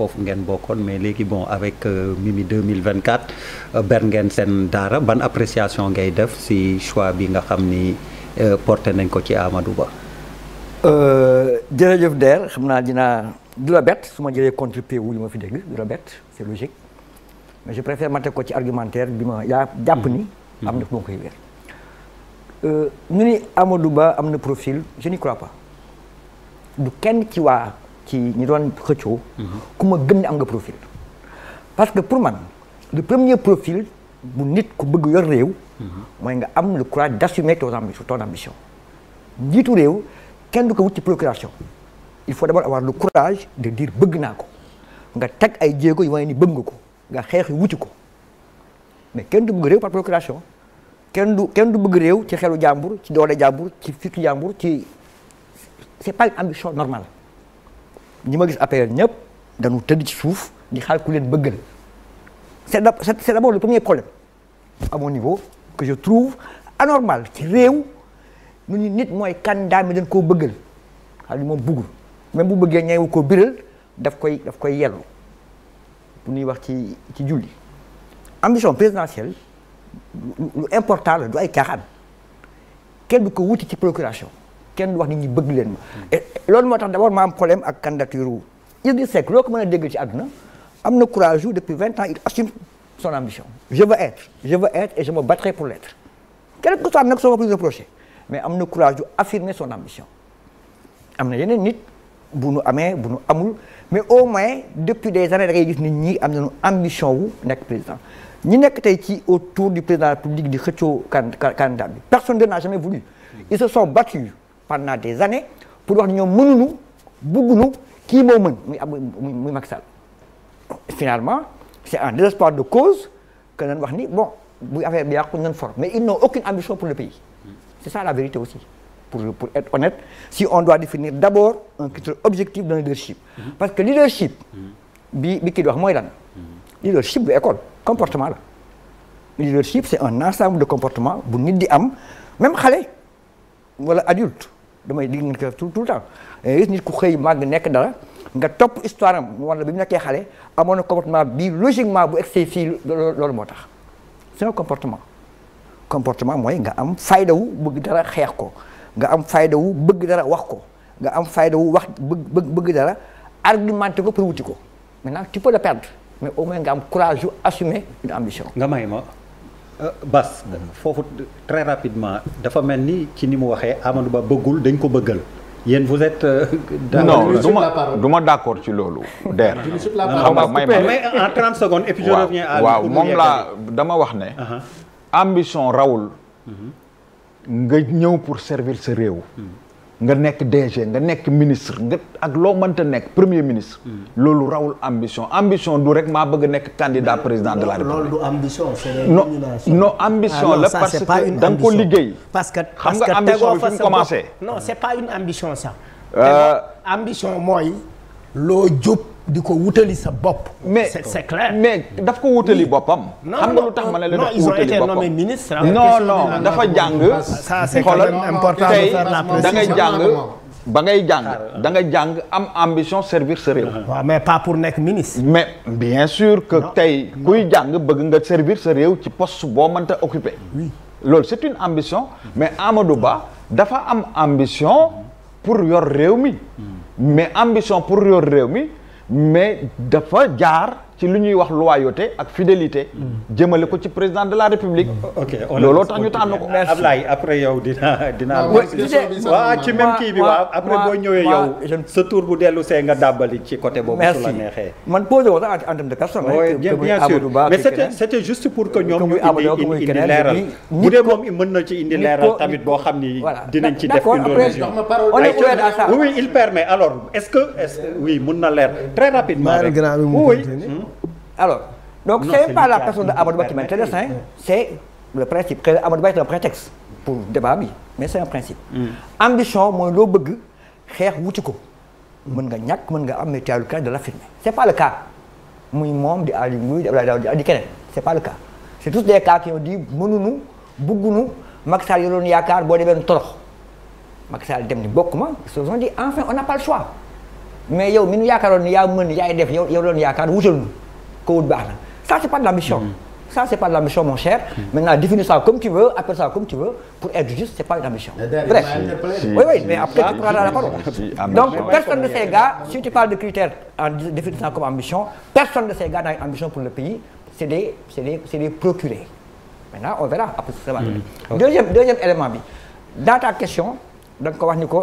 foofu ngeen bokkoon mais léegi bon avec euh, Mimi 2024 euh, ber ngeen seen daara ban appréciation ngay def si choix bi nga xam ni euh, porté nañ ko ci Amadou Ba. jërëjëf Der xam naa dina du la bett su ma jëlee contre wu li ma fi dégg du la bett c'est logique mais je préfère ma teg ko ci argumentaire bi ma yaa jàpp ni. Mm-hmm. am na fu ma koy weer. ñu ni Amadou Ba am na profil je n'y crois pas du kenn ci waa ci ñi doon xëccoo. ku ma gën ne am nga profil. parce que pour man le premier profil bu nit ku bëgg yor réew. mooy nga am le courage d'assumer ton ambition ton ambition. njiitu réew kenn du ko wut ci procuration il faut d'abord avoir le courage de diir bëgg naa ko nga teg ay jéego yu wane ni bëgg nga ko nga xeexi wuti ko mais kenn du bëgg réew par procuration kenn du kenn du bëgg réew ci xelu jàmbur ci doole jàmbur ci fitu jàmbur ci c'est pas une ambition normale ñi ma gis APR ñëpp dañu tëdd ci suuf di xaar ku leen bëggal c'est c'est d'abord le premier problème à mon niveau que je trouve anormal ci réew nu ñu nit mooy candidat mi dañ koo bëggal xaalis moom bëggul même bu bëggee ñeewu koo biral daf koy daf koy yellu bu ñuy wax ci ci julli ambition présidentielle lu important la du ay caaxaan kenn du ko wuti ci procuration kenn du wax nit ñi bëgg loolu moo tax d' abord ma am problème ak candidature wu Idriss Seck loo ko mën a dégg ci àdduna am na courage yu depuis vingt ans il assume son ambition je veux être je veux être et je me battrai pour l'être quel que soit nag soo ma plus reproché mais am na courage yu affirmer son ambition am na yeneen nit bu nu amee bu nu amul mais au moins depuis des années da ngay gis nit ñi am nañu ambition wu nekk président ñi nekk tey ci autour du président de la République di xëccoo candidat bi personne n'a jamais voulu ils se sont battus pendant des années pour wax ñoom mënuñu buggunu kii moo mën muy ab muy Macky Sall finalement c' est un désespoir de cause que nañ wax ni bon bu affaire bi yàqu nañ for mais ils n'ont aucune ambition pour le pays c' ça la vérité aussi pour pour être honnête si on doit définir d' abord un critère objectif d'un leadership parce que leadership bi bi kii di wax mooy lan leadership du école comportement la leadership c' est un ensemble de comportement bu nit di am même xale wala adulte damay digg ngeen ko tout tout le temps nit ku xëy màgg nekk dara nga topp histoire am mu war la bi mu nekkee xale amoon na comportement bi logiquement bu egsee fii loolu moo tax c'est un comportement comportement mooy nga am fayda wu bëgg dara xeex ko nga am fayda wu bëgg dara wax ko nga am fayda wu wax bëgg bëgg dara argumenté ko pour wuti ko maintenant tu peux le perdre mais au moins nga am courage yu assumer une ambition nga may ma Euh, Bas. foofu très rapidement dafa mel ni ci ni mu waxee Amadou Ba bëggul dañ ko bëggal. yéen vous êtes. Euh, non du ma du ma d' accord ci loolu. der xam nga may mais en 30 secondes. et puis je reviens à waaw moom laa dama wax ne. Uh-huh. ambition rawul. Mm-hmm. nga ñëw pour servir sa réew. Mm-hmm. nga nekk DG nga nekk ministre nga ak loo mënta nekk premier ministre. Hmm. loolu rawul ambition ambition du rek maa bëgg nekk candidat président de la République. loolu du ambition c'est ah non la parce que da nga ko liggéey. parce que parce que tegoo fa sa bopp xam nga c'est pas une ambition ça. Euh, ambition mooy. loo jóg di ko wutali sa bopp. mais c'est clair mais daf ko wutali boppam. xam nga lu tax ma ne la daf ko wutali boppam non non dafa jàng. ça c'est important de faire la précision tey da jàng. ba ngay jàng ah, da nga jàng am ambition servir sa réew. Ah, mais pas pour nekk ministre. mais bien sûr que tey kuy jàng bëgg nga servir sa réew ci poste boo mënta occupé. oui loolu c'est une ambition. mais Amadou Ba dafa am ambition pour yor réew mi. Mm. mais ambition pour yor réew mi mais dafa jaar ci lu ñuy wax loyauté ak fidélité. jëmale ko ci président de la république. Mm. ok looloo tax ñu tànn ko. merci Ablaye après yow dina dina. waaw ci même kii bi waaw après boo ñëwee sa tour bu dellu see nga dàbbali ci côté boobu. su man posé ko sax en terme de personne. bien sûr mais c'était na ci indi leeral tamit boo xam ni. dinañ ci def introduction. on est ouvert à ça. oui il permet alors est-ce que est-ce oui mun na leer très rapidement. oui. alors donc non, c'est pas la personne de Amadou Ba qui m'intéresse hein c'est le principe que Amadou Ba est un prétexte pour débat mm. bi mooy loo bëgg xeex wuti ko mën nga ñàkk mën nga am mais tu as le cas de l'affirmer c'est pas le cas muy moom di Aliou muy di Abdoulaye Daouda di keneen c'est pas le cas c'est tous des cas qui ont dit mënuñu bëgguñu Macky Sall yaakaar boo demee torox dem ni bokkuma ils se sont dit enfin on a pas le choix mais yow mi nu yaakaaroon ni yaa mën yaay def yow yow doon yaakaar wutaluñu ko wut baax na ça c'est pas de l'ambition mm. ça c'est pas de l'ambition mon cher mm. maintenant définis ça comme tu veux appelle ça comme tu veux pour être juste c'est pas une ambition bref oui oui mais après tu prendras la parole donc personne de ces gars si tu parles de critères en définissant comme ambition personne de ces gars n'a une ambition pour le pays c'est des c'est des c'est des procurés maintenant on verra après ça va mm. deuxième deuxième élément bi dans ta question da nga ko wax ni ko